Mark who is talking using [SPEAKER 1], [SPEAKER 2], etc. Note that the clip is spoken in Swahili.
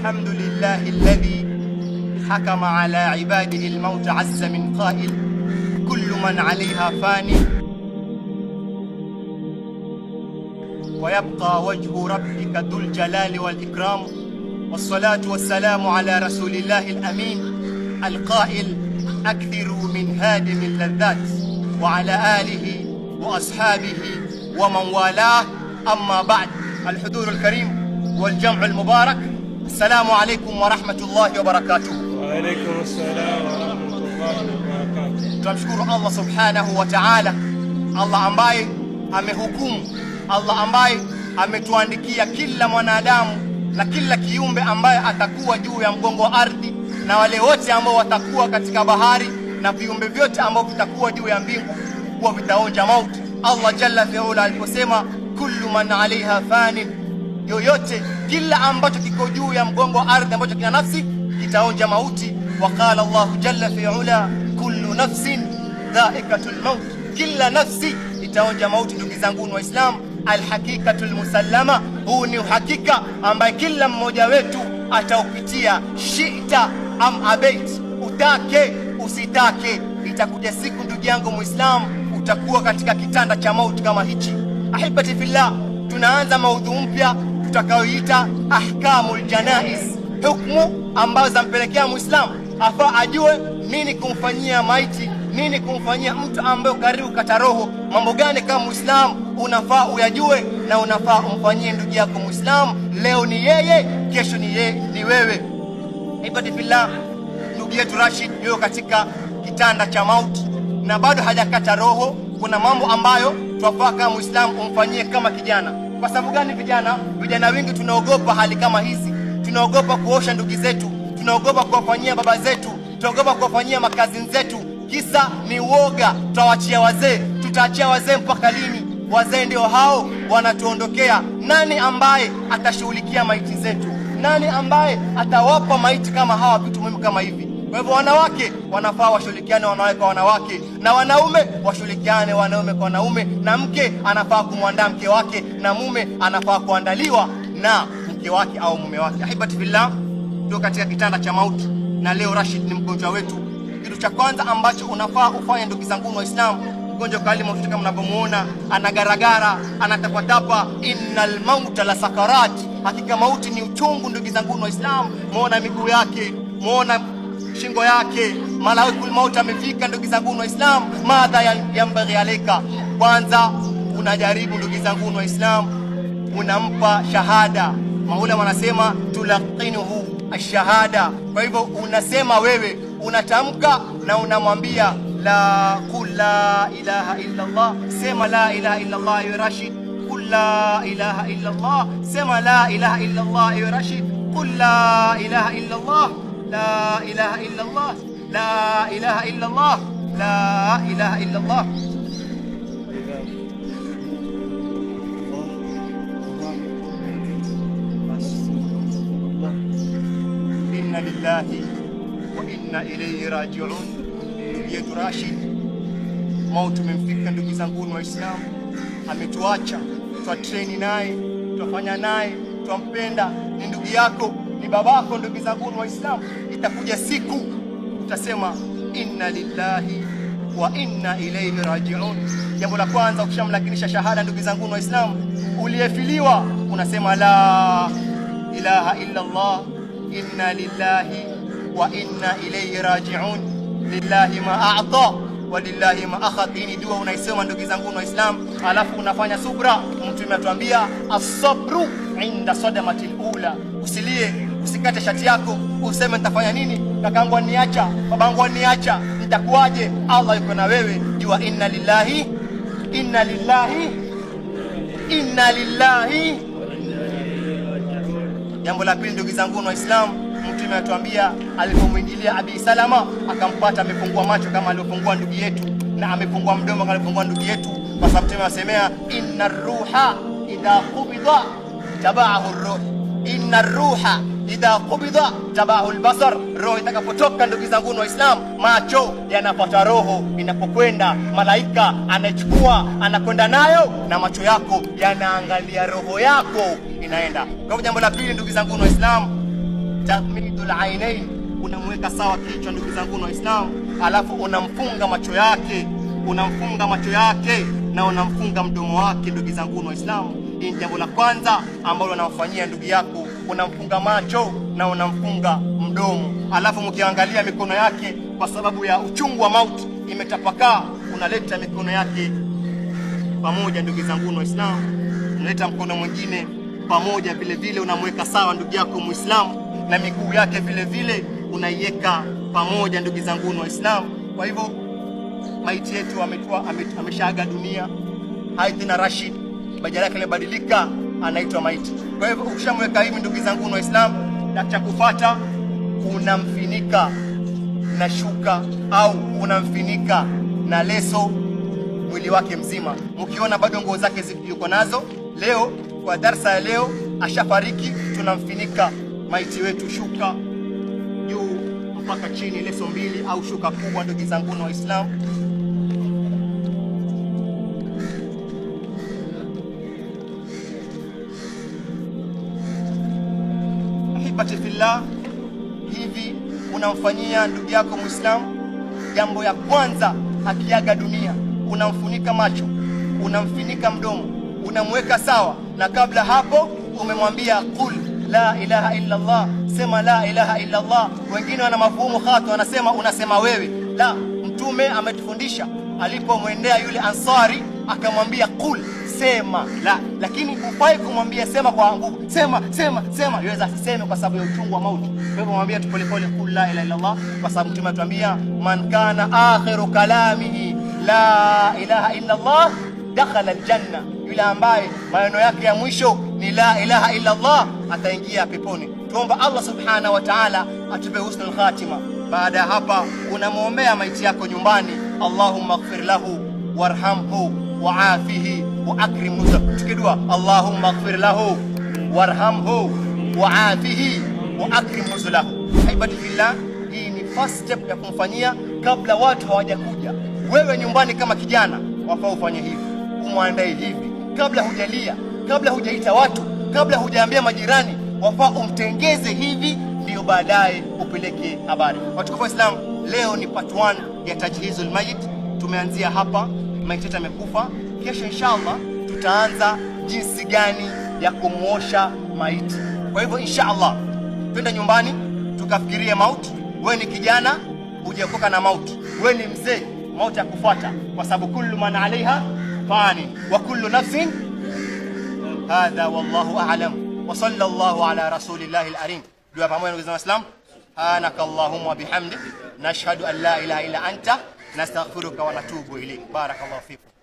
[SPEAKER 1] الحمد لله الذي حكم على عباده الموت عز من قائل كل من عليها فاني ويبقى وجه ربك ذو الجلال والإكرام والصلاة والسلام على رسول الله الأمين القائل أكثروا من هادم اللذات وعلى آله وأصحابه ومن والاه أما بعد الحضور الكريم والجمع المبارك Assalamu alaikum warahmatullahi wabarakatuh.
[SPEAKER 2] Wa alaikum assalam
[SPEAKER 1] Tunamshukuru Allah subhanahu wa ta'ala, Allah ambaye amehukumu, Allah ambaye ametuandikia kila mwanadamu na kila kiumbe ambaye atakuwa juu ya mgongo wa ardhi na wale wote ambao watakuwa katika bahari na viumbe vyote ambao vitakuwa juu ya mbingu kuwa vitaonja mauti. Allah jalla fiula aliposema kullu man 'alayha fanin yoyote, kila ambacho kiko juu ya mgongo wa ardhi ambacho kina nafsi kitaonja mauti. Waqala Allahu jalla fi ula, kullu nafsin dhaikatul maut, kila nafsi itaonja mauti. Ndugu zanguni Waislamu, alhaqiqatul musallama, huu ni uhakika ambaye kila mmoja wetu ataupitia, shita am abait, utake usitake, itakuja siku ndugu yangu Muislamu, utakuwa katika kitanda cha mauti kama hichi. Ahibati fillah, tunaanza maudhu mpya tutakayoita ahkamul janais, hukumu ambazo zampelekea Muislamu afaa ajue nini kumfanyia maiti, nini kumfanyia mtu ambaye karibu kata roho. Mambo gani kama Muislamu unafaa uyajue na unafaa umfanyie ndugu yako Muislamu. Leo ni yeye, kesho ni, yeye, ni wewe. Ibadi fillah, ndugu yetu Rashid yuko katika kitanda cha mauti na bado hajakata roho. Kuna mambo ambayo twafaa kama Muislamu umfanyie kama kijana kwa sababu gani? Vijana vijana wengi tunaogopa hali kama hizi, tunaogopa kuosha ndugu zetu, tunaogopa kuwafanyia baba zetu, tunaogopa kuwafanyia makazi zetu. Kisa ni uoga. Tutawachia wazee, tutaachia wazee mpaka lini? Wazee ndio hao wanatuondokea. Nani ambaye atashughulikia maiti zetu? Nani ambaye atawapa maiti kama hawa vitu muhimu kama hivi? Kwa hivyo wanawake wanafaa washirikiane wanawake kwa wanawake, na wanaume washirikiane wanaume kwa wanaume, na mke anafaa kumwandaa mke wake, na mume anafaa kuandaliwa na mke wake au mume wake. Ahibati fillah, tuko katika kitanda cha mauti, na leo Rashid ni mgonjwa wetu. Kitu cha kwanza ambacho unafaa ufanye, ndugu zangu Islam, mgonjwa kali mauti, kama anagaragara, anatapatapa. Innal mauta la sakarat, hakika mauti ni uchungu. Ndugu zangu Islam, muona miguu yake, muona shingo yake. Malakul mauti amefika, ndugu zangu wa Islam, Madha yambaghi aleka. kwanza unajaribu ndugu zangu wa Islam, unampa shahada. Maula wanasema tulaqinuhu ashahada. Kwa hivyo unasema wewe unatamka na unamwambia la qul la ilaha illa Allah, sema la ilaha illa Allah ya Rashid. Qul la ilaha illa Allah, sema la ilaha illa Allah ya Rashid. Qul la ilaha illa Allah la ilaha illa Allah, la ilaha illa Allah, la ilaha illa Allah. Inna lillahi wa inna ilayhi rajiun. Yetu Rashid mau tumemfika, ndugu zanguni Waislamu, ametuacha twa treni naye twafanya naye twampenda, ni ndugu yako ni babako. Ndugu zangu Waislamu, itakuja siku utasema inna lillahi wa inna ilayhi rajiun. Jambo la kwanza ukishamlakinisha shahada, ndugu zangu Waislamu, uliyefiliwa unasema la ilaha illa Allah, inna lillahi wa inna ilayhi rajiun. Lillahi ma a'ta wa lillahi ma akhadh. Hii ni dua unaisema ndugu zangu Islam, alafu unafanya subra. Mtume atuambia asabru inda sadamatil ula, usilie usikate shati yako, useme nitafanya nini? Kakaangu aniacha, babangu aniacha, nitakuwaje? Allah yuko na wewe, jua inna lillahi inna lillahi inna lillahi. Jambo la pili, ndugu zangu wa Islam, Mtume anatuambia alipomwingilia Abi Salama akampata amefungua macho kama aliofungua ndugu yetu, na amefungua mdomo kama aliofungua ndugu yetu, kwa sababu Mtume anasemea inna ruha idha qubida tabaahu ruh, inna ruha idha qubidha tabahu albasar, roho itakapotoka. Ndugu zangu islam macho yanapata roho inapokwenda, malaika anaichukua anakwenda nayo, na macho yako yanaangalia roho yako inaenda. Kwa hivyo jambo la pili, ndugu zangu islam tahmidul ainain, unamweka sawa kichwa, ndugu zangu islam alafu unamfunga macho yake, unamfunga macho yake na unamfunga mdomo wake, ndugu zangu Waislamu. Hii ni jambo la kwanza ambalo anawafanyia ndugu yako unamfunga macho na unamfunga mdomo, alafu mkiangalia mikono yake, kwa sababu ya uchungu wa mauti imetapakaa, unaleta mikono yake pamoja. Ndugu zangu Waislamu, unaleta mkono mwingine pamoja vile vile, unamweka sawa ndugu yako Muislamu, na miguu yake vile vile unaiweka pamoja, ndugu zangu Waislamu. Kwa hivyo maiti yetu ameshaaga dunia. na Rashid, majina yake yamebadilika, anaitwa maiti. Kwa hivyo ukishamweka hivi, ndugu zangu Waislamu, na cha kufuata unamfinika na shuka au unamfinika na leso mwili wake mzima. Ukiona bado nguo zake ziko nazo, leo kwa darsa ya leo ashafariki, tunamfinika maiti wetu shuka juu mpaka chini, leso mbili au shuka kubwa, ndugu zangu Waislamu. la hivi unamfanyia ndugu yako Muislamu? Jambo ya kwanza akiaga dunia, unamfunika macho, unamfinika mdomo, unamweka sawa, na kabla hapo umemwambia qul la ilaha illa Allah, sema la ilaha illa Allah. Wengine wana mafuhumu khatu, wanasema unasema wewe la. Mtume ametufundisha alipomwendea yule Ansari akamwambia qul sema la, lakini hufai kumwambia sema kwa nguvu, sema sema sema. Yaweza asiseme kwa sababu ya uchungu wa mauti. Kwa hivyo mwambie tu polepole, kul la ilaha illallah, kwa sababu Mtume anatuambia man kana akhiru kalamihi la ilaha illallah dakhala aljanna, yule ambaye maneno yake ya mwisho ni la ilaha illallah ataingia peponi. Tuomba Allah subhanahu wa ta'ala atupe husnul khatima. Baada ya hapa unamwombea maiti yako nyumbani, Allahumma ighfir lahu warhamhu waafihi wa akrim Musa, tukidua Allahumma ighfir lahu warhamhu afihi wa akrim lahu Haibati billah hii ni first step ya kumfanyia kabla watu hawajakuja. Wewe nyumbani kama kijana wafaa ufanye hivi, umwandae hivi kabla hujalia, kabla hujaita watu, kabla hujaambia majirani, wafaa umtengeze hivi, ndio baadaye upeleke habari. Watukufu wa Islam, leo ni part 1 ya tajhizul mayit. Tumeanzia hapa, maiteta amekufa Kesho inshallah tutaanza jinsi gani ya kumwosha maiti. Kwa hivyo inshallah twende nyumbani tukafikirie mauti. Wewe ni kijana hujaokoka na mauti, wewe ni mzee, mauti yakufuata kwa sababu kullu man alaiha fani wa kullu nafsin hadha. Wallahu a'lam wa sallallahu ala rasulillahi larim Dua pamoja ndugu zangu subhanaka allahumma bihamdik nashhadu an la ilaha illa anta nastaghfiruka wa natubu ilayk. Barakallahu fikum.